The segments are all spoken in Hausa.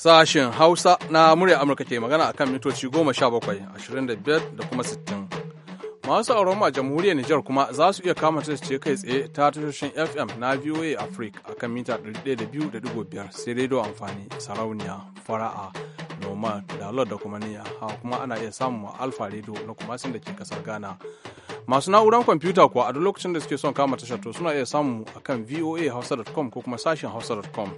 Sashen Hausa na murya Amurka ke magana akan mitoci bakwai ashirin da biyar da kuma sittin Masu auren a jamhuriyar Nijar kuma za su iya kama ce kai tsaye ta tashoshin FM na VOA Africa a kan mita 102.5 sai rediyo amfani sarauniya fara'a noma da da kuma niyya ha kuma ana iya samun alfa rediyo na kuma sun da ke kasar Ghana. masu na'urar kwamfuta kuwa a duk lokacin da suke son kama tashar to suna iya samu akan kan hausa.com ko kuma sashen hausa.com.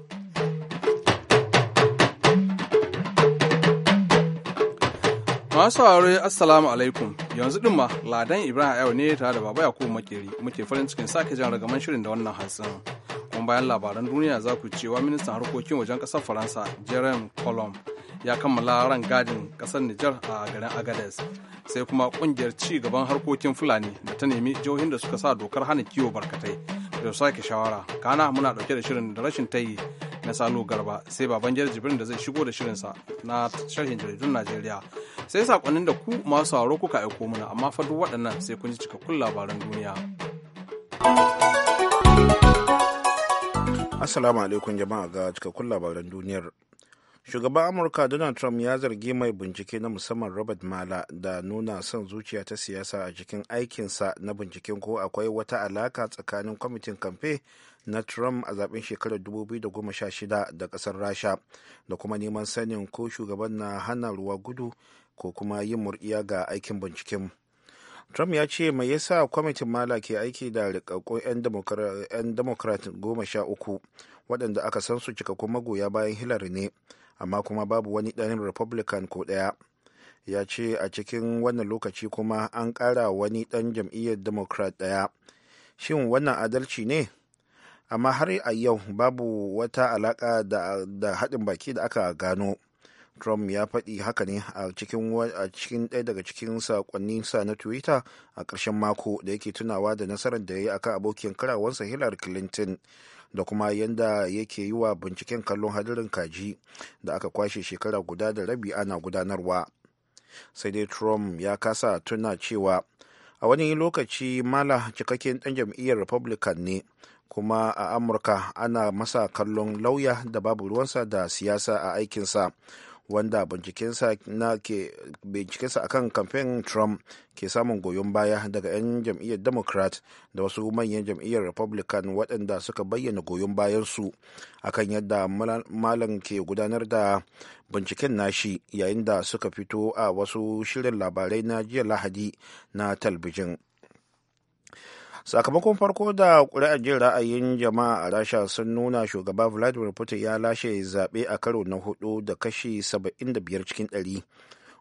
Masu aure assalamu alaikum yanzu din ma ladan Ibrahim yau ne tare da baba Yakubu Makeri muke farin cikin sake jan ragaman shirin da wannan hatsin. Kuma bayan labaran duniya za ku cewa ministan harkokin wajen kasar Faransa Jerem Colomb ya kammala ran gadin kasar Nijar a garin Agadez sai kuma ƙungiyar ci gaban harkokin Fulani da ta nemi jihohin da suka sa dokar hana kiwo barkatai da sake shawara kana muna dauke da shirin da rashin tayi na sanu Garba sai baban Jibrin da zai shigo da shirinsa na sharhin jaridun Najeriya. Sai sakonnin da ku masu haro kuka aiko mana amma fa duk waɗannan sai kun ji cikakkun labaran duniya. Assalamu alaikum jama'a ga cikakkun labaran duniyar. Shugaban Amurka Donald Trump ya zargi mai bincike na musamman Robert Mala da nuna son zuciya ta siyasa a cikin aikinsa na binciken ko akwai wata alaka tsakanin kwamitin kamfe na trump a zaben shekarar 2016 da kasar rasha da kuma neman sanin ko shugaban na hana ruwa gudu ko kuma yin murdiya ga aikin binciken trump ya ce mai yasa kwamitin mala ke aiki da rikakkun 'yan democrat goma sha uku waɗanda aka san su cika cikakkun goya bayan hillary ne amma kuma babu wani ɗanin republican ko ɗaya ya ce a cikin wannan lokaci kuma an ƙara wani ɗan jam'iyyar democrat ɗaya shin wannan adalci ne amma har a yau babu wata alaƙa da haɗin baki da aka gano trump ya faɗi haka ne a cikin ɗaya daga cikin sakonninsa na twitter a ƙarshen mako da yake tunawa da nasarar da ya yi a akan abokin karawansa hillary clinton da kuma yadda yake yi wa binciken kallon hadirin kaji da aka kwashe shekara guda da rabi ana gudanarwa sai dai trump ya kasa tuna cewa a wani lokaci mala cikakken ɗan jam'iyyar republican ne kuma a amurka ana masa kallon lauya da babu ruwansa da siyasa a aikinsa wanda bincikensa a kan kamfen trump ke samun goyon baya daga 'yan jam'iyyar democrat da wasu manyan jam'iyyar republican waɗanda suka bayyana goyon bayansu akan yadda malam ke gudanar da binciken nashi yayin da suka fito a wasu shirin labarai na jiya lahadi na talbijin sakamakon farko da ƙuri'ar jin ra'ayin jama'a a rasha sun nuna shugaba vladimir putin ya lashe zaɓe a karo na hudu da kashi 75 cikin 100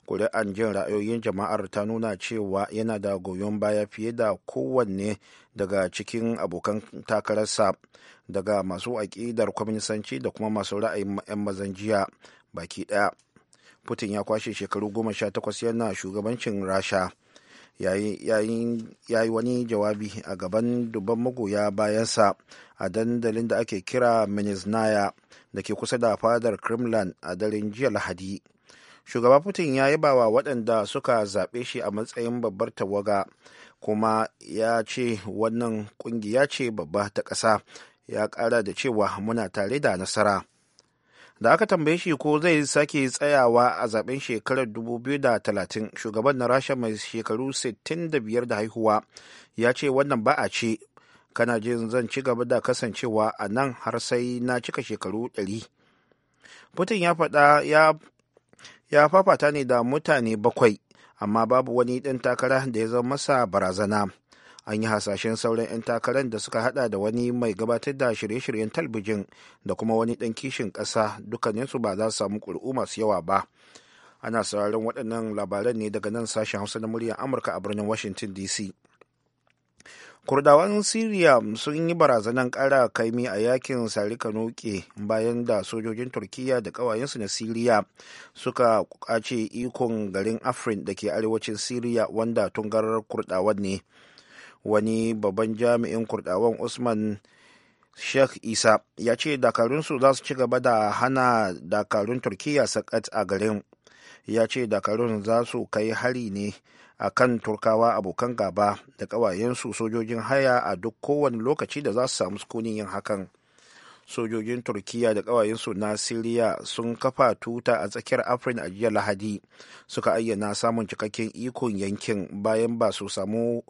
ƙuri'ar jin ra'ayoyin jama'ar ta nuna cewa yana da goyon baya fiye da kowanne daga cikin abokan takararsa daga masu aƙidar kwaminisanci da kuma masu ra'ayin 'yan mazan jiya baki ɗaya putin ya kwashe shekaru goma sha takwas yana shugabancin rasha ya yi wani jawabi a gaban dubban magoya bayansa a dandalin da ake kira minisnaya da ke kusa da fadar Kremlin a daren jiya Lahadi. Shugaba Putin ya yi bawa waɗanda suka zaɓe shi a matsayin babbar tawaga kuma ya ce wannan ƙungiya ce babba ta ƙasa ya ƙara da cewa muna tare da nasara. da aka tambaye shi ko zai sake tsayawa a zaben shekarar 2030 shugaban na rasha mai shekaru 65 da haihuwa ya ce wannan ba a ce kana jin zan ci gaba da kasancewa a nan har sai na cika shekaru 100 putin ya faɗa ya fafata ne da mutane bakwai amma babu wani ɗan takara da ya zama masa barazana an yi hasashen sauran 'yan takarar da suka hada da wani mai gabatar da shirye-shiryen talbijin da kuma wani ɗan kishin ƙasa dukkaninsu ba za su samu ƙuri'u masu yawa ba ana sauraron waɗannan labaran ne daga nan sashen hausa na muryar amurka a birnin washington dc kurdawan syria sun yi barazanan ƙara kaimi a yakin sarika noke bayan da sojojin turkiya da ƙawayensu na syria suka ƙwace ikon garin afrin da ke arewacin syria wanda tungarar kurdawan ne wani babban jami'in kurdawan usman sheikh isa ya ce dakarunsu za su ci gaba da hana dakarun turkiya sakat a garin ya ce dakarun za su kai hari ne a kan turkawa abokan gaba da ƙawayensu sojojin haya a duk kowane lokaci da za su samu sukunin yin hakan sojojin turkiya da ƙawayensu na siriya sun kafa tuta a tsakiyar afrin a jiya lahadi suka ayyana samun cikakken ikon yankin bayan ba su samu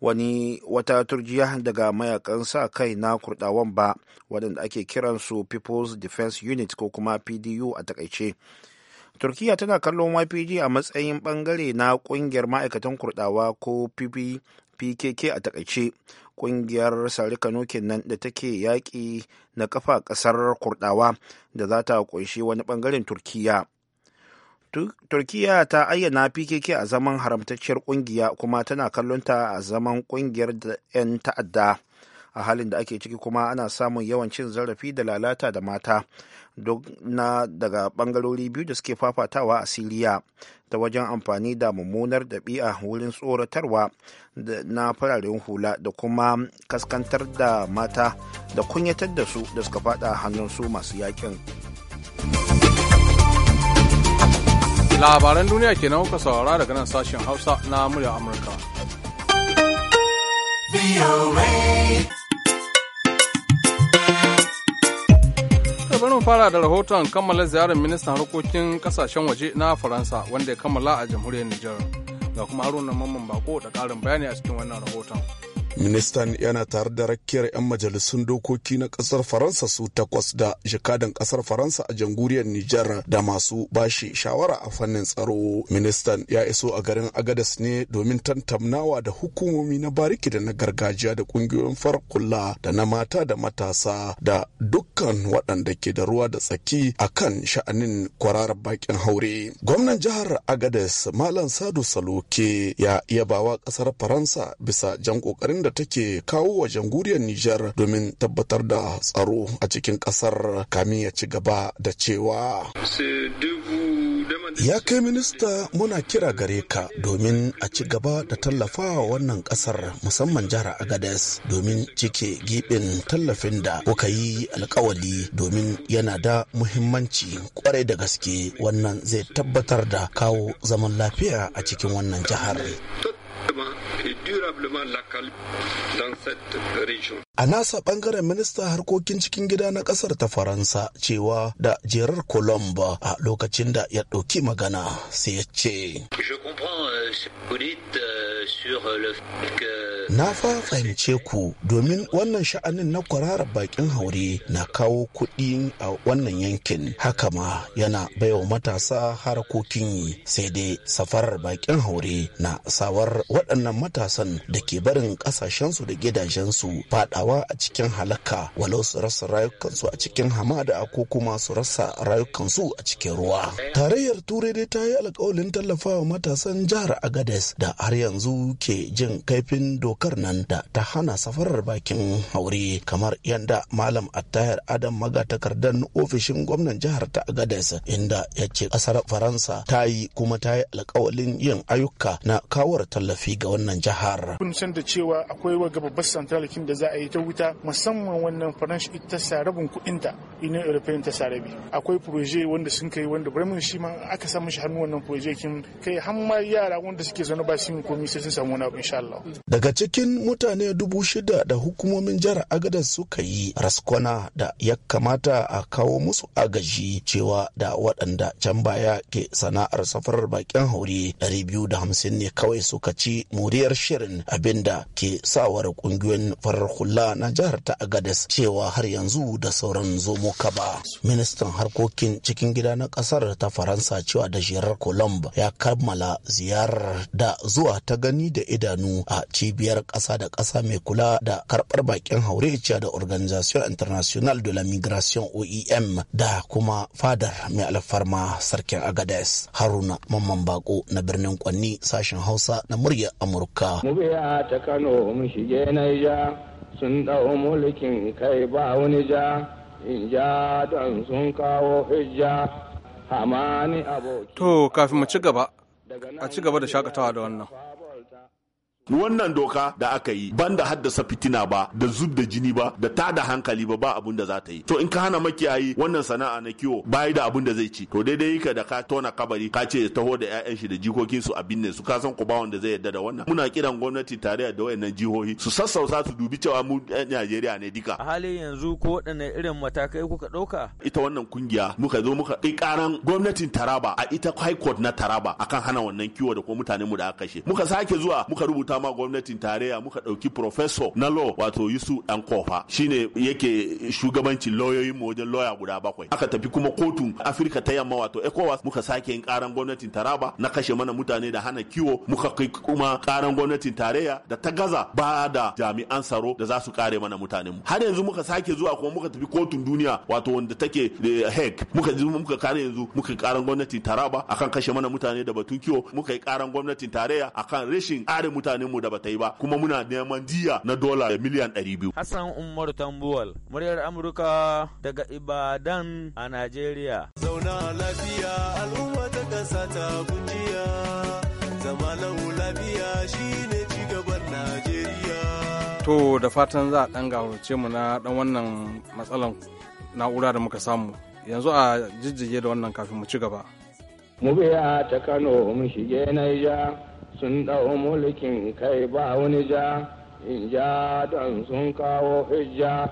wani wata turjiya daga mayakan sa kai na kurdawan ba waɗanda ake kiransu people's defense unit ko kuma pdu a takaice turkiya tana kallon ypg a matsayin bangare na kungiyar ma'aikatan kurdawa ko pkk a takaice kungiyar sarikano kenan da take yaƙi na kafa ƙasar kurdawa da za ta kunshi wani bangaren turkiya turkiya ta ayyana pkk a zaman haramtacciyar kungiya kuma tana kallonta a zaman kungiyar 'yan ta'adda a halin da ake ciki kuma ana samun yawan cin zarafi da lalata da mata duk na daga bangarori biyu da suke fafatawa a siriya ta wajen amfani da mummunar ɗabi'a wurin tsoratarwa na fararen hula da kuma kaskantar da mata da kunyatar da su da suka fada hannun su masu yakin. labaran duniya kenan kuka saurara daga nan sashen hausa na murya amurka bari mu fara da rahoton kammala ziyarar ministan harkokin kasashen waje na faransa wanda ya kammala a jamhuriyar nijar ga kuma haruna mamman bako da karin bayani a cikin wannan rahoton ministan yana tare da rakiyar 'yan majalisun dokoki na kasar faransa su takwas da jakadan kasar faransa a jamhuriyar nijar da masu bashi shawara a fannin tsaro ministan ya iso a garin agadas ne domin tantamnawa da hukumomi na bariki da na gargajiya da kungiyoyin farkula da na mata da matasa da dukkan waɗanda ke da ruwa da tsaki a kan sha'anin kwararar bakin haure gwamnan jihar agadas malam sadu saloke ya yabawa kasar faransa bisa jan kokarin da take kawo wa jamhuriyar Nijar domin tabbatar da tsaro a cikin ƙasar kamin ya ci gaba da cewa. Ya kai minista muna kira gare ka domin a ci gaba da tallafawa wannan kasar musamman jihar Agades domin cike gibin tallafin da kuka yi alkawali domin yana da muhimmanci kwarai da gaske wannan zai tabbatar da kawo zaman lafiya a cikin wannan jihar. et durablement la calme dans cette région. A nasa bangaren ministan harkokin cikin gida na kasar ta Faransa cewa da jerar Colomba a lokacin da ya ɗauki magana sai ya ce. Euh, euh, na fahimce ku domin wannan sha'anin na kwararar bakin haure na kawo kuɗi a wannan yankin haka ma yana baiwa matasa harkokin yi sai dai safarar bakin haure na sawar waɗannan matasan da ke barin ƙasashensu da gidajensu faɗawa a cikin halaka walau su rasa rayukansu a cikin hamada ko kuma su rasa rayukansu a cikin ruwa. Tarayyar Turai dai ta yi alƙawalin tallafawa matasan jihar Agades da har yanzu ke jin kaifin dokar nan da ta hana safarar bakin haure kamar yadda Malam Attahir Adam Maga takardar ofishin gwamnan jihar ta Agades inda ya ƙasar Faransa ta yi kuma ta yi alƙawarin yin ayyuka na kawar tallafi tallafi ga wannan jihar. Kun san da cewa akwai waga babbar kin da za a yi ta wuta musamman wannan faransh ita sarabin ta ina European ta sarabi. Akwai proje wanda sun kai wanda Bremen shi ma aka samu shi hannu wannan proje kin kai har ma yara wanda suke zaune ba su yin komai sai sun samu wani abu insha Allah. Daga cikin mutane dubu shida da hukumomin jihar Agada suka yi raskwana da ya kamata a kawo musu agaji cewa da waɗanda can baya ke sana'ar safarar bakin haure 250 ne kawai suka ci ci muriyar shirin abinda ke sawar kungiyoyin farar hula na jihar ta Agadez cewa har yanzu da sauran zomo kaba. Ministan harkokin cikin gida na kasar ta Faransa cewa da shirar Colomb ya kammala ziyarar da zuwa ta gani da idanu a cibiyar ƙasa da ƙasa mai kula da karɓar bakin haure da Organisation International de la Migration oem da kuma fadar mai alfarma sarkin Agadez Haruna Mamman Bako na birnin Kwanni sashen Hausa na murya ya Amurka. Mu biya ta Kano mu shige Naija sun ɗau mulkin kai ba wani ja in ja don sun kawo hijja hamani aboki. To kafin mu ci gaba a ci gaba da shakatawa da wannan. wannan doka da aka yi banda haddasa fitina ba da zub da jini ba da ta da hankali ba ba abun da za ta yi to in ka hana makiyayi wannan sana'a na kiwo bayi da abun da zai ci to daidai ka da ka tona kabari ka ce taho da 'ya'yan shi da jikokin su a binne su ka san ku ba wanda zai yarda da wannan muna kiran gwamnati tare da wayannan jihohi su sassauta su dubi cewa mu Najeriya ne dika a halin yanzu ko waɗanne irin matakai kuka ɗauka ita wannan kungiya muka zo muka kai karan gwamnatin Taraba a ita High Court na Taraba akan hana wannan kiwo da ko mutanen mu da aka kashe muka sake zuwa muka rubuta ta ma gwamnatin tarayya muka ɗauki professor na law wato Yusuf dan kofa shine yake shugabancin lauyoyin mu wajen lawyer guda bakwai aka tafi kuma kotun Afirka ta yamma wato ECOWAS muka sake yin karan gwamnatin Taraba na kashe mana mutane da hana kiwo muka kai kuma karan gwamnatin tarayya da ta gaza ba da jami'an tsaro da za su kare mana mu. har yanzu muka sake zuwa kuma muka tafi kotun duniya wato wanda take hek. Eh, muka muka kare yanzu muka karan gwamnatin Taraba akan kashe mana mutane da batun kiwo muka yi karan gwamnatin tarayya akan rashin kare mutane mutanen mu da bata yi ba kuma muna neman diya na dola da miliyan biyu. Hassan Umar Tambuwal muryar Amurka daga Ibadan a Najeriya zauna lafiya al'umma ta kasa ta kunjiya zama lau lafiya shine cigaban Najeriya to da fatan za a dan gawarce mu na dan wannan matsalan na'ura da muka samu yanzu a jijjige da wannan kafin mu ci gaba mu biya ta Kano mu shige Niger sun ɗau mulkin kai ba wani ja in ja don sun kawo ijja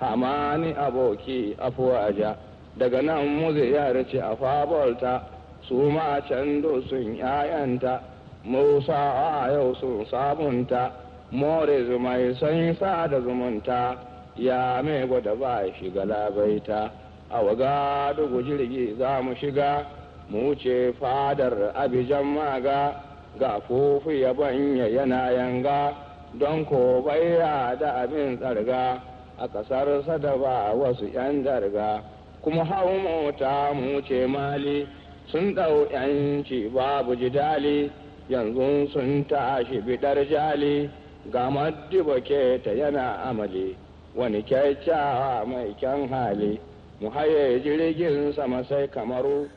hamani aboki afuwaja daga nan muzi ziyarci a fabolta su ma can sun yayanta musa a yau sun sabunta more zumai sun sa da zumunta ya mai gwada ba shiga labaita a waga dugu jirgi za mu shiga mu ce fadar abijan maga ga fufu ya banya yana yanga don ko baya da abin tsarga a ƙasar da ba wasu 'yan darga kuma hau mota mu ce mali sun ɗau 'yanci babu jidali yanzu sun tashi bidar jali ga maddiba ta yana amali wani kyakkyawa mai kyan hali mu haye jirgin sama sai kamaru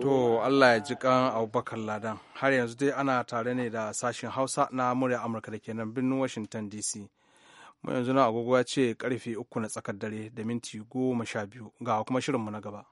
To Allah ya ji kan Abubakar Ladan. Har yanzu dai ana tare ne da sashen Hausa na murya Amurka da kenan birnin Washington DC. Mu yanzu na agogo ya ce karfe uku na tsakar dare da minti goma sha biyu ga kuma shirinmu na gaba.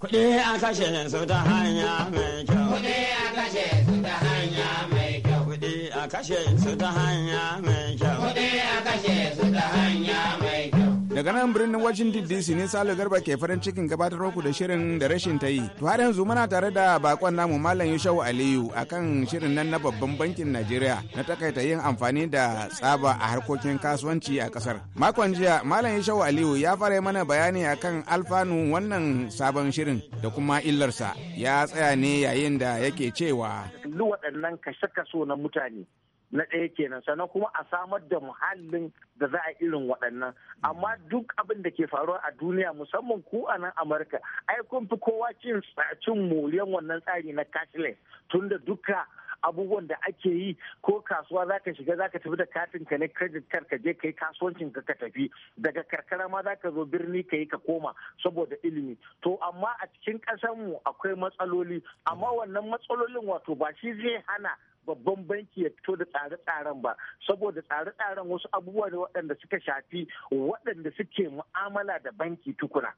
Kuɗi a kashe su ta hanya mai kyau. Kuɗi a kashe su ta hanya mai kyau. Kuɗi a kashe su ta hanya mai kyau. Kuɗi a kashe su ta hanya mai kyau. daga nan birnin washington dc ne salo garba ke farin cikin gabatar ku da shirin da rashin ta yi to har yanzu muna tare da bakon namu malam yushau aliyu akan shirin nan na babban bankin najeriya na takaita yin amfani da tsaba a harkokin kasuwanci a kasar makon jiya malam yushau aliyu ya fara mana bayani akan alfanu wannan sabon shirin da kuma illarsa ya tsaya ne yayin da yake cewa duk waɗannan kashe kaso na mutane na ɗaya kenan sannan kuma a samar da muhallin da za a irin waɗannan amma duk abin da ke faruwa a duniya musamman ku a nan amurka ai kun fi kowa cin cin moriyan wannan tsari na cashless tunda duka abubuwan da ake yi ko kasuwa za ka shiga za ka tafi da katin ka ne credit card ka je ka yi kasuwancin ka ka tafi daga karkara ma za ka zo birni ka yi ka koma saboda ilimi to amma a cikin mu akwai matsaloli amma wannan matsalolin wato ba shi zai hana babban banki ya fito da tsare-tsaren ba saboda tsare-tsaren wasu abubuwa da waɗanda suka shafi waɗanda suke mu'amala da banki tukuna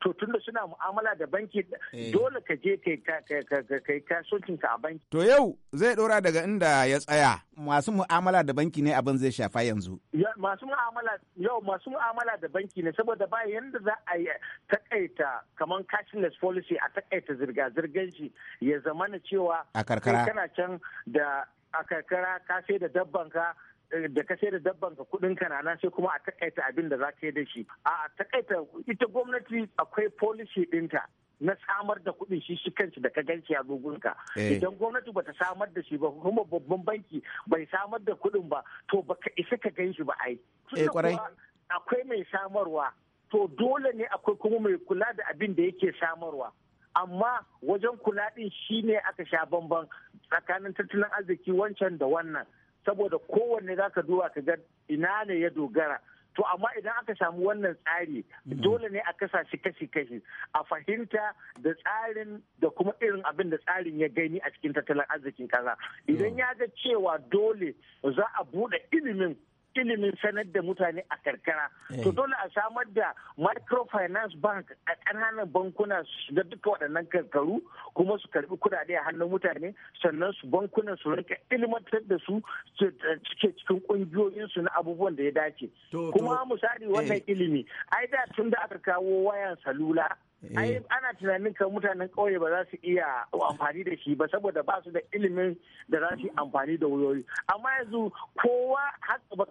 to tunda suna mu'amala da banki eh. dole ka je kai ka a banki to yau zai ɗora daga inda ya tsaya masu mu'amala da banki ne abin zai shafa yanzu masu mu'amala yau masu mu'amala da banki ne saboda ba yanda za a yi takaita kamar cashless policy a takaita zirga-zirgar shi ya zamana cewa a karkara kana can da a karkara ka sai da dabban ka eh, da ka sai da dabban ka kudin ka nan sai kuma a takaita abin da za ka yi da shi a takaita ita gwamnati akwai policy dinta na samar da kuɗin shi shi kanshi da ka ganci a ka eh. idan gwamnati bata samar da shi ba kuma babban banki bai samar da kuɗin ba to baka isa ka ganshi ba ai eh, akwai mai samarwa to dole ne akwai kuma mai kula da abin da yake samarwa amma wajen kula din shine aka sha bamban tsakanin tattalin arziki wancan da wannan saboda kowanne za ka duba ka ga ina ne ya dogara to amma idan aka samu wannan tsari mm. dole ne a kasa shi kashi kashi a fahimta da tsarin da kuma irin abin da tsarin ya gani a cikin tattalin arzikin kasa mm. idan ya ga cewa dole za a bude ilimin ilimin sanar da mutane a karkara to eh. dole a samar da microfinance bank a ƙananan bankuna da duka waɗannan karkaru kuma su karbi kudade a hannun mutane sannan su bankuna su rinka ilimantar da su eh, cike cikin ƙungiyoyin su na abubuwan da ya dace kuma misali eh. wannan ilimi ai da tun da aka kawo wayan salula ai eh. ana tunanin kan mutanen ƙauye ba za su iya amfani da shi ba saboda ba su da ilimin da za su amfani da wayoyi amma yanzu kowa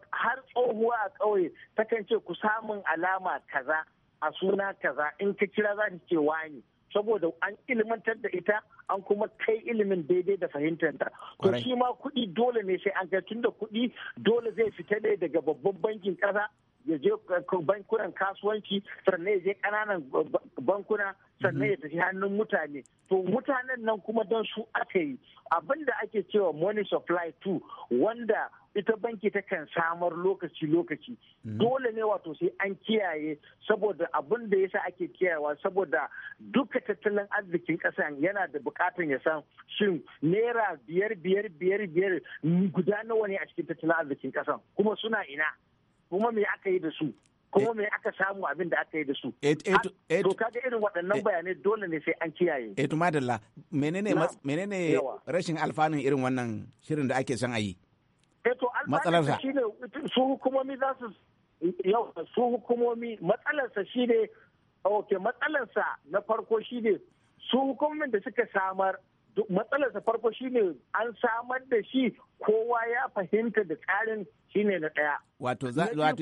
har tsohuwa a ƙauye takan ce ku samun alama kaza a suna kaza in ka kira za ta ce wani saboda an ilimantar da ita an kuma kai ilimin daidai da fahimtarta to shi ma kuɗi dole ne sai an kai tunda kuɗi dole zai fita ne daga babban bankin ƙasa ya je eh, bankunan kasuwanci sannan ya je ƙananan bankuna sannan ya tafi hannun mutane to mutanen nan kuma don su aka yi abinda ake cewa money supply 2 wanda ita banki ta kan samar lokaci-lokaci mm. dole ne wato sai an kiyaye saboda abin da yasa ake kiyayewa saboda duka tattalin arzikin ƙasan yana da bukatan ya san shin naira biyar biyar biyar biyar guda nawa ne a cikin tattalin arzikin ƙasa kuma suna ina kuma me aka yi da su kuma eh. me aka samu abin da aka yi da su eh, eh, to ah, kaga irin waɗannan bayanai dole ne sai an kiyaye eh to madalla menene menene rashin alfanun irin wannan shirin da ake son a yi eh to alfanun shine su hukumomi za su yau su hukumomi matsalarsa shine matsalar matsalarsa na farko shine su hukumomin da suka samar matsalarsa farko shine an samar da shi kowa ya fahimta da tsarin shine na ɗaya. Wato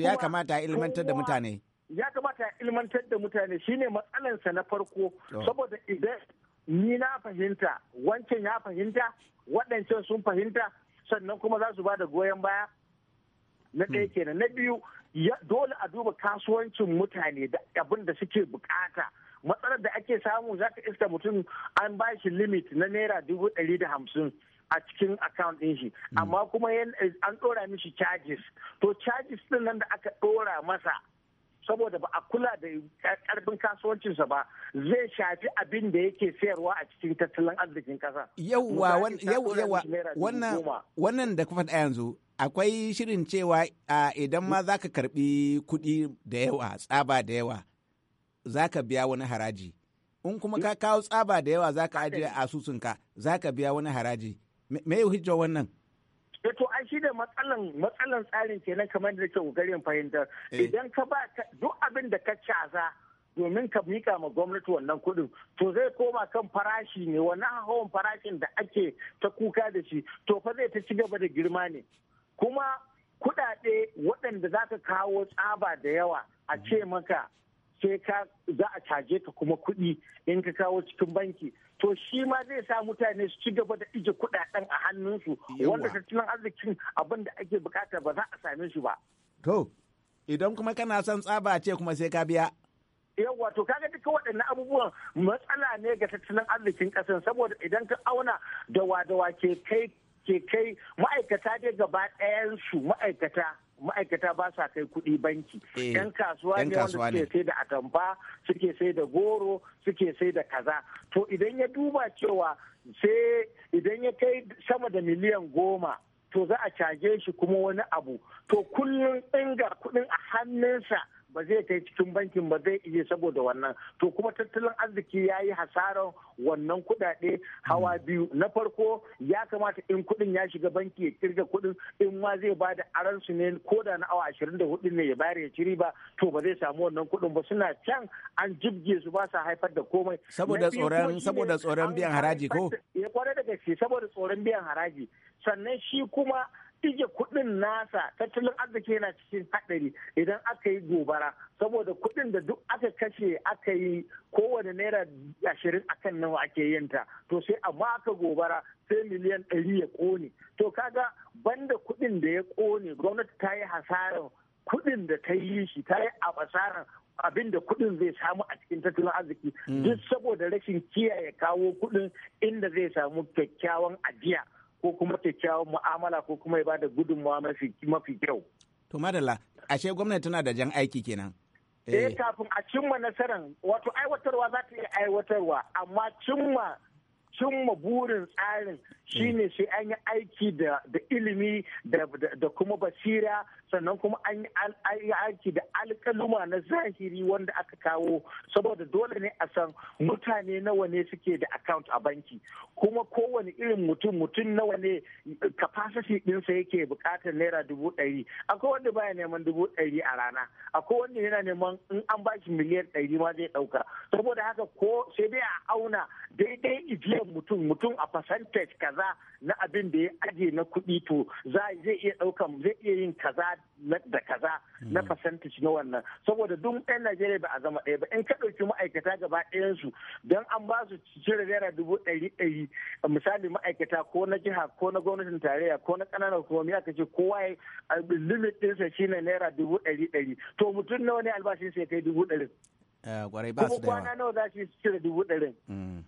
ya kamata a ilmantar da mutane. Ya kamata a ilmantar da mutane shine matsalarsa na farko saboda idan ni na fahimta wancan ya fahimta waɗancan sun fahimta sannan kuma za su ba da goyon baya na ɗaya hmm. kenan na biyu dole a duba kasuwancin mutane da abin da suke bukata. matsalar da ake samu za ka iska mutum an ba shi limit na naira dubu ɗari da hamsin a cikin account ɗin shi mm. amma kuma an ɗora mishi charges to charges ɗin nan da aka ɗora masa saboda ba a kula da karfin kasuwancinsa ba zai shafi abin da yake sayarwa a cikin tattalin arzikin ƙasa. Yawwa wannan da kuma yanzu akwai shirin cewa idan ma za ka karbi kuɗi da yawa tsaba da yawa za ka biya wani haraji in kuma hmm? ka kawo tsaba da yawa za ka ajiye a asusunka za ka biya wani haraji me yau hujjar wannan eh, to an shi da matsalan matsalan tsarin kenan kamar da ke ƙoƙarin fahimtar eh. idan ka ba duk abin da ka caza domin ka mika ma gwamnati wannan kuɗin to zai koma kan farashi ne wannan hawan farashin da ake ta kuka da shi to fa zai ta ci gaba da girma ne kuma kuɗaɗe waɗanda za ka kawo tsaba da yawa a ce hmm. maka sai ka za a caje ka kuma kuɗi in ka kawo cikin banki to shi ma zai sa mutane su ci gaba da ije kuɗaɗen a hannunsu wanda tattalin arzikin abin da ake bukata ba za a same shi ba. To, idan kuma kana son tsaba ce kuma sai ka biya. yawwa to kaga duka waɗannan abubuwan matsala ne ga tattalin arzikin ƙasar saboda idan ka auna dawa dawa ke kai ma'aikata dai gaba ɗayan su ma'aikata ma'aikata ba sa kai kuɗi banki. Eh, yan kasuwa ne wanda suke sai da atamfa, suke sai da goro, suke sai da kaza. To idan ya duba cewa sai idan ya kai sama da miliyan goma to za a caje shi kuma wani abu. To kullum inga kuɗin a hannunsa ba zai kai cikin bankin ba zai iya saboda wannan to kuma tattalin arziki ya yi hasarar wannan kudade hawa hmm. biyu na farko ya kamata in kudin ya shiga banki ya kirga kudin in ma zai ba da aran su ne ko da na awa ashirin da hudu ne ya bayar ya ciri ba to ba zai samu wannan kudin ba suna can an jibge su ba sa haifar da komai saboda tsoron saboda tsoron biyan haraji ko ya kware daga shi saboda tsoron biyan haraji sannan shi kuma ije kuɗin nasa tattalin arziki yana cikin haɗari idan aka yi gobara saboda kuɗin da duk aka kashe aka yi kowane naira ashirin akan nawa ake yin ta to sai amma aka gobara sai miliyan ɗari ya ƙone to kaga banda kuɗin da ya ƙone gwamnati ta yi hasarar kuɗin da ta yi shi ta yi a hasarar abin da kuɗin zai samu a cikin tattalin arziki mm. duk saboda rashin kiyaye kawo kuɗin inda zai samu kyakkyawan ajiya ko kuma kyakkyawan mu'amala ko kuma ya ba da gudunmawa mafi kyau. To madalla, ashe gwamnati tana da jan aiki kenan. Eh, eh. kafin a cimma nasarar wato aiwatarwa za ta iya aiwatarwa amma cimma cin burin tsarin shine mm. sai an yi aiki da ilimi da kuma basira sannan kuma an yi aiki da alkaluma na zahiri wanda aka kawo saboda dole ne a san mutane nawa ne suke da account a banki kuma kowane irin mutum mutum nawa ne capacity ɗinsa yake bukatar naira dubu ɗari akwai wanda baya neman dubu ɗari a rana akwai wanda yana neman in an bashi miliyan ɗari ma zai ɗauka saboda haka ko sai dai a auna daidai ijiyar mutum mutum a percentage kaza na abin da ya aje na kuɗi to za zai iya ɗaukan zai iya yin kaza da kaza na mm. percentage na wannan saboda duk ɗan Najeriya ba a zama ɗaya ba in ka ɗauki ma'aikata gaba ɗayansu don an ba su cire naira dubu ɗari ɗari misali ma'aikata ko na jiha ko na gwamnatin tarayya ko na ƙananan hukumomi aka ce kowa ya limit ɗinsa shine naira dubu ɗari ɗari to mutum nawa ne albashin ya kai dubu ɗari. Kwarai eh, ba su da yawa. Kuma kwana nawa za su cire dubu ɗarin. Mm.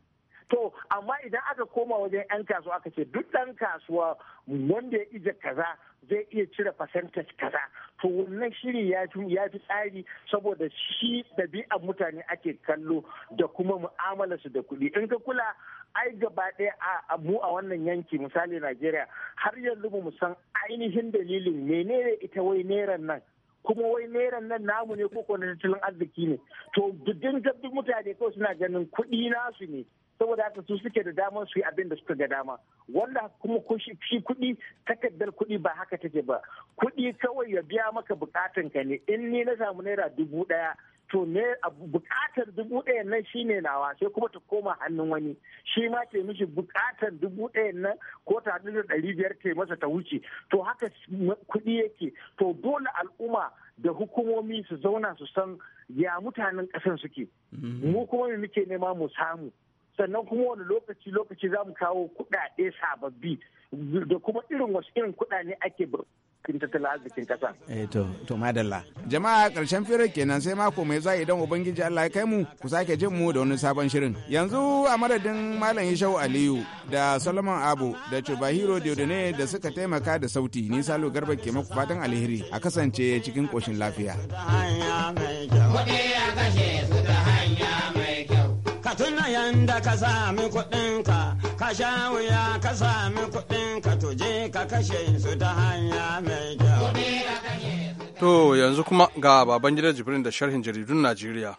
to amma idan aka koma wajen 'yan kasuwa aka ce duk ɗan kasuwa wanda ya ije kaza zai iya cire percentage kaza to wannan shiri ya fi tsari saboda shi ɗabi'ar mutane ake kallo da kuma mu'amalarsu da kuɗi in ka kula ai gaba ɗaya a mu a wannan yanki misali Najeriya har yanzu mu san ainihin dalilin menene ita wai neran nan kuma wai neran nan namu ne ko na tattalin arziki ne to duk mutane kawai suna ganin kuɗi nasu ne saboda haka su suke da damar su yi abin da suka ga dama wanda kuma shi kuɗi takardar kuɗi ba haka take ba kuɗi kawai ya biya maka bukatan ka ne in ni na samu naira dubu ɗaya to ne bukatar dubu ɗaya nan shi ne nawa sai kuma ta koma hannun wani shi ma ke mishi bukatar dubu ɗaya nan ko ta da ɗari biyar ke masa ta wuce to haka kuɗi yake to dole al'umma da hukumomi su zauna su san ya mutanen ƙasar suke mm-hmm. mu kuma me muke nema mu samu sannan kuma wani lokaci lokaci za mu kawo kuɗaɗe sababbi da kuma irin wasu irin kuɗaɗe ake cikin tattalin arzikin kasa. Eh to to madalla. Jama'a karshen firar kenan sai mako mai za idan ubangiji Allah ya kai mu ku sake jin mu da wani sabon shirin. Yanzu a madadin Malam Ishau Aliyu da Solomon Abu da Chubahiro Diodone da suka taimaka da sauti ni Salo Garba ke maku fatan alheri a kasance cikin koshin lafiya. Kuɗi kashe su ta hanya Idan da ka sami kuɗin ka sha wuya ka sami ka tuje ka kashe su ta hanya mai kyau. To yanzu kuma ga baban gidan Jibrin da sharhin jaridun Najeriya.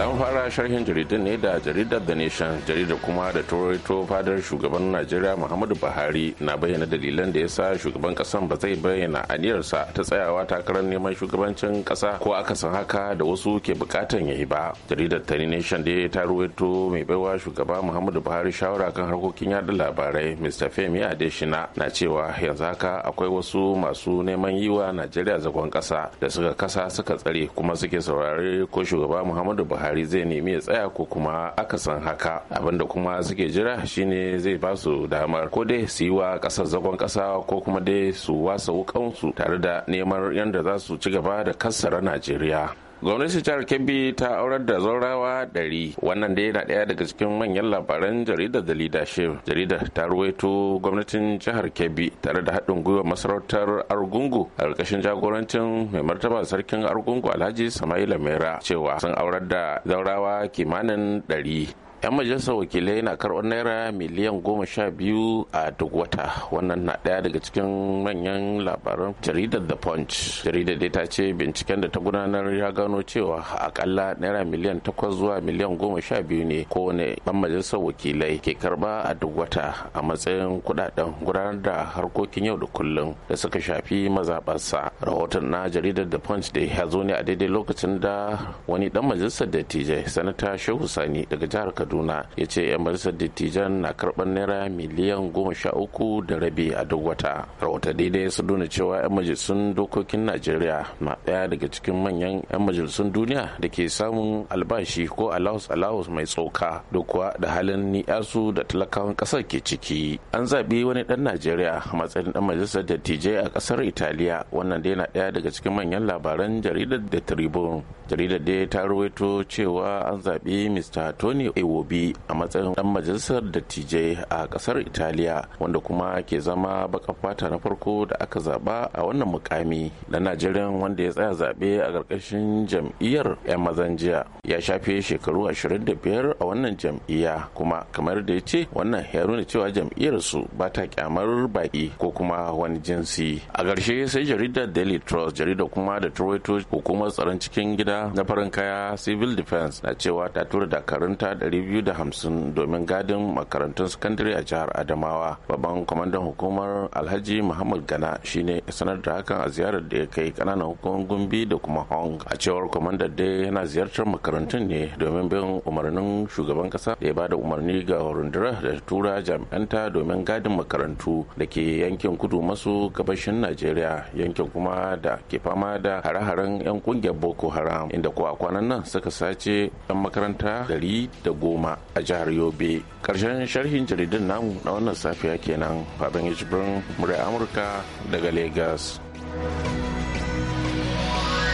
za mu fara sharhin jaridar ne da jaridar the nation jaridar kuma da toronto fadar shugaban najeriya muhammadu buhari na bayyana dalilan da ya sa shugaban kasan ba zai bayyana aniyarsa ta tsayawa takarar neman shugabancin kasa ko akasin haka da wasu ke bukatan ya yi ba jaridar the nation ya ta ruwaito mai baiwa shugaba muhammadu buhari shawara kan harkokin yada labarai mr femi adeshina na cewa yanzu haka akwai wasu masu neman yi wa najeriya zagon kasa da suka kasa suka tsare kuma suke saurari ko shugaba muhammadu buhari buhari zai nemi ya tsaya ko kuma aka san haka abinda kuma suke jira shine zai ba su damar ko dai su yi wa kasar zagon kasa ko kuma dai su wasa wukansu tare da neman yadda za su ci gaba da kassara najeriya gwamnatin jihar kebbi ta aurar da zaurawa ɗari wannan dai yana ɗaya daga cikin manyan labaran jaridar da leadership jaridar ta ruwaito gwamnatin jihar kebbi tare da haɗin gwiwa masarautar argungu a ƙarƙashin jagorancin mai martaba sarkin argungu alhaji samaila mera cewa sun aurar da zaurawa kimanin ɗari 'yan majalisar wakilai na karɓar naira miliyan goma sha biyu a duk wata wannan na ɗaya daga cikin manyan labaran jaridar the punch jaridar dai ta ce binciken da ta gudanar ya gano cewa akalla naira miliyan takwas zuwa miliyan goma sha biyu ne kowane ɗan majalisar wakilai ke karɓa a duk wata a matsayin kuɗaɗen gudanar da harkokin yau da kullum da suka shafi mazaɓarsa rahoton na jaridar the punch da ya zo ne a daidai lokacin da wani ɗan majalisar dattijai sanata shehu sani daga jihar kaduna kaduna ya ce 'yan majalisar dattijan na karɓar naira miliyan goma sha uku da rabi a duk wata rahotanni dai su nuna cewa 'yan majalisun dokokin najeriya na ɗaya daga cikin manyan 'yan majalisun duniya da ke samun albashi ko alawus alawus mai tsoka duk kuwa da halin ni'asu da talakawan ƙasar ke ciki an zaɓi wani ɗan najeriya a matsayin ɗan majalisar dattijai a ƙasar italiya wannan dai na ɗaya daga cikin manyan labaran jaridar da tribune jaridar dai ta ruwaito cewa an zaɓi mr tony ewo gobe a matsayin dan majalisar dattijai a kasar italiya wanda kuma ke zama baka fata na farko da aka zaba a wannan mukami da najeriya wanda ya tsaya zaɓe a ƙarƙashin jam'iyyar 'yan mazan jiya ya shafe shekaru 25 a wannan jam'iyya kuma kamar da ya ce wannan ya nuna cewa jam'iyyar su ba ta kyamar baƙi ko kuma wani jinsi a ƙarshe sai jaridar daily trust jaridar kuma da turaito hukumar tsaron cikin gida na farin kaya civil defense na cewa ta tura dakarunta 200 250 domin gadin makarantun sakandare a jihar adamawa babban kwamandan hukumar alhaji muhammad gana shine sanar da hakan a ziyarar da ya kai kananan hukumar gumbi da kuma hong a cewar kwamandan dai yana ziyartar makarantun ne domin bin umarnin shugaban kasa da ya bada umarni ga rundunar da tura jami'anta domin gadin makarantu da ke yankin kudu maso gabashin najeriya yankin kuma da ke fama da hare-haren 'yan kungiyar boko haram inda ko a kwanan nan suka sace 'yan makaranta da goma. goma a jihar yobe karshen sharhin jaridun namu na wannan safiya kenan baban hijibin murai amurka daga lagos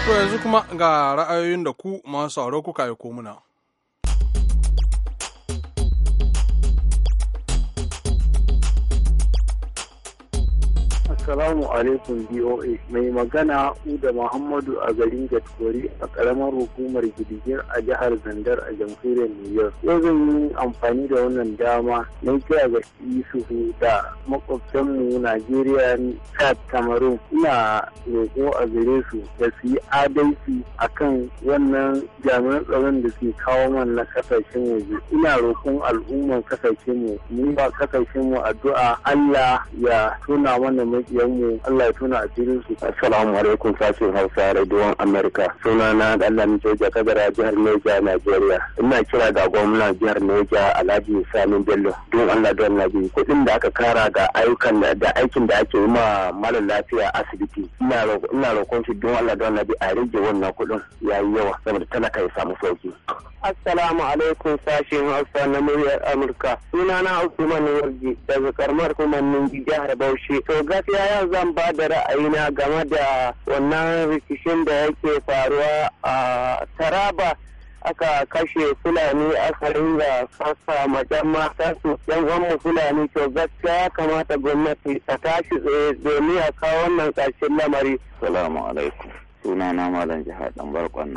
to yanzu kuma ga ra'ayoyin da ku masu sauro kuka yi komuna. Assalamu alaikum BOA mai magana Uda Muhammadu a garin Gatkori a karamar hukumar Gidigir a jihar Zandar a jamhuriyar New York. Yau zan yi amfani da wannan dama na kira ga Isuhu da makwabtanmu Najeriya Chad Cameroon ina roƙo a gare su da su yi adalci akan wannan jami'an tsaron da ke kawo man na kasashen waje. Ina roƙon al'umman kasashen mu mu ba kasashen mu addu'a Allah ya tona mana maki makiyanmu Allah ya tuna asirin su assalamu alaikum sashen Hausa rediyon Amerika sunana da Allah mai da jihar Neja Najeriya ina kira ga gwamna jihar Neja Alhaji Sani Bello don Allah don Nabi kudin da aka kara ga ayyukan da aikin da ake yi ma mara lafiya asibiti ina roƙon shi don Allah don Nabi a rage wannan kuɗin yayi yawa saboda talaka ya samu sauki Assalamu alaikum sashen Hausa na muryar Amurka sunana Usman Warji daga karamar kuma jihar Bauchi to gaskiya yau zan ba da ra'ayina game da wannan rikicin da yake faruwa a taraba aka kashe fulani aka ringa fasa majan mata su yan uwanmu fulani to gaskiya ya kamata gwamnati ta tashi tsaye domin a kawo wannan ƙarshen lamari. Salamu alaikum. Sunana Malam Jihar Ɗan Barkon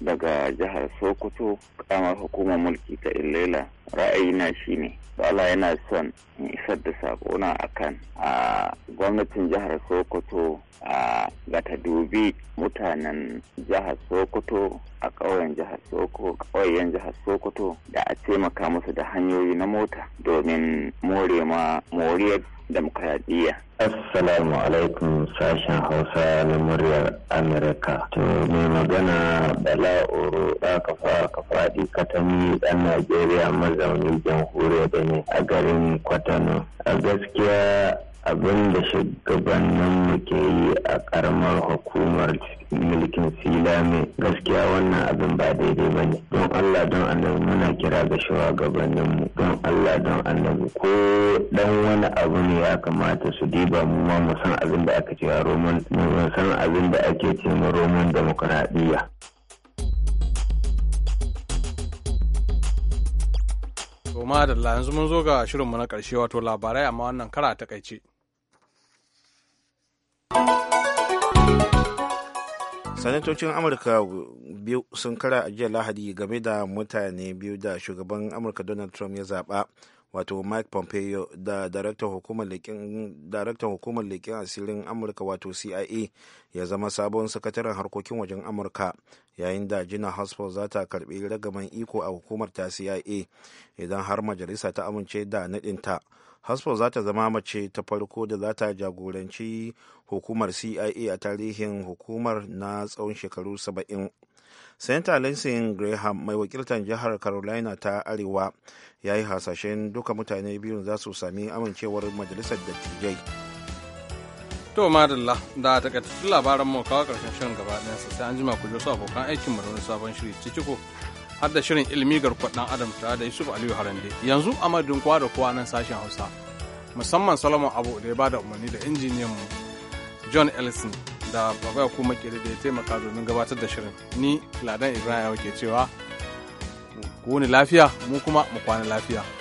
daga jihar sokoto kamar hukumar mulki ta illela ra'ayina shine bala yana son in isar da sakona akan a gwamnatin jihar sokoto a ga ta dubi mutanen jihar sokoto a ƙauyen jihar sokoto ƙauyen jihar sokoto da a taimaka musu da hanyoyi na mota domin more ma moriyar demokradiyya. Assalamu alaikum sashen Hausa na muryar Amurka. To mai magana Bala Oro da ka kafaɗi katami ɗan Najeriya mazaunin jamhuriyar da ne a garin Kwatano. A gaskiya abin da shugabanninmu ke yi a karamar hukumar mulkin silame gaskiya wannan abin ba daidai ba ne don allah don annabi muna kira ga shugabanninmu don allah don annabi ko dan wani abu ne ya kamata su diba mu ma mu san abin da aka ce roman mu san abin da ake ce mu roman demokuraɗiyya To da yanzu mun zo ga shirinmu na ƙarshe wato labarai amma wannan kara ta takaice. sanatocin amurka biyu sun kara a jiya lahadi game da mutane biyu da shugaban amurka donald trump ya zaba wato mike pompeo da daraktan hukumar likin asirin amurka wato cia ya zama sabon sakataren harkokin wajen amurka yayin da jina haspel za ta karbi ragaman iko a hukumar ta cia idan har majalisa ta amince da naɗinta. haspo za ta zama mace ta farko da za ta jagoranci hukumar cia a tarihin hukumar na tsawon shekaru 70 Senator Lindsey Graham mai wakiltar jihar Carolina ta Arewa ya yi hasashen duka mutane biyun za su sami amincewar majalisar dattijai. To madalla da takaitattun labaran mu kawo karshen shirin gaba ɗayansa sai an jima ku su abokan aikin mu da wani sabon shiri ciki ko har da shirin ilimi garkuwar ɗan adam tare da yusuf aliyu harande yanzu a madadin kowa da kowa nan sashen hausa musamman salomon abu da ya ba da umarni da injiniyan mu john ellison da baba kuma kere da ya taimaka domin gabatar da shirin ni ladan ibrahim ke cewa ku wuni lafiya mu kuma mu kwana lafiya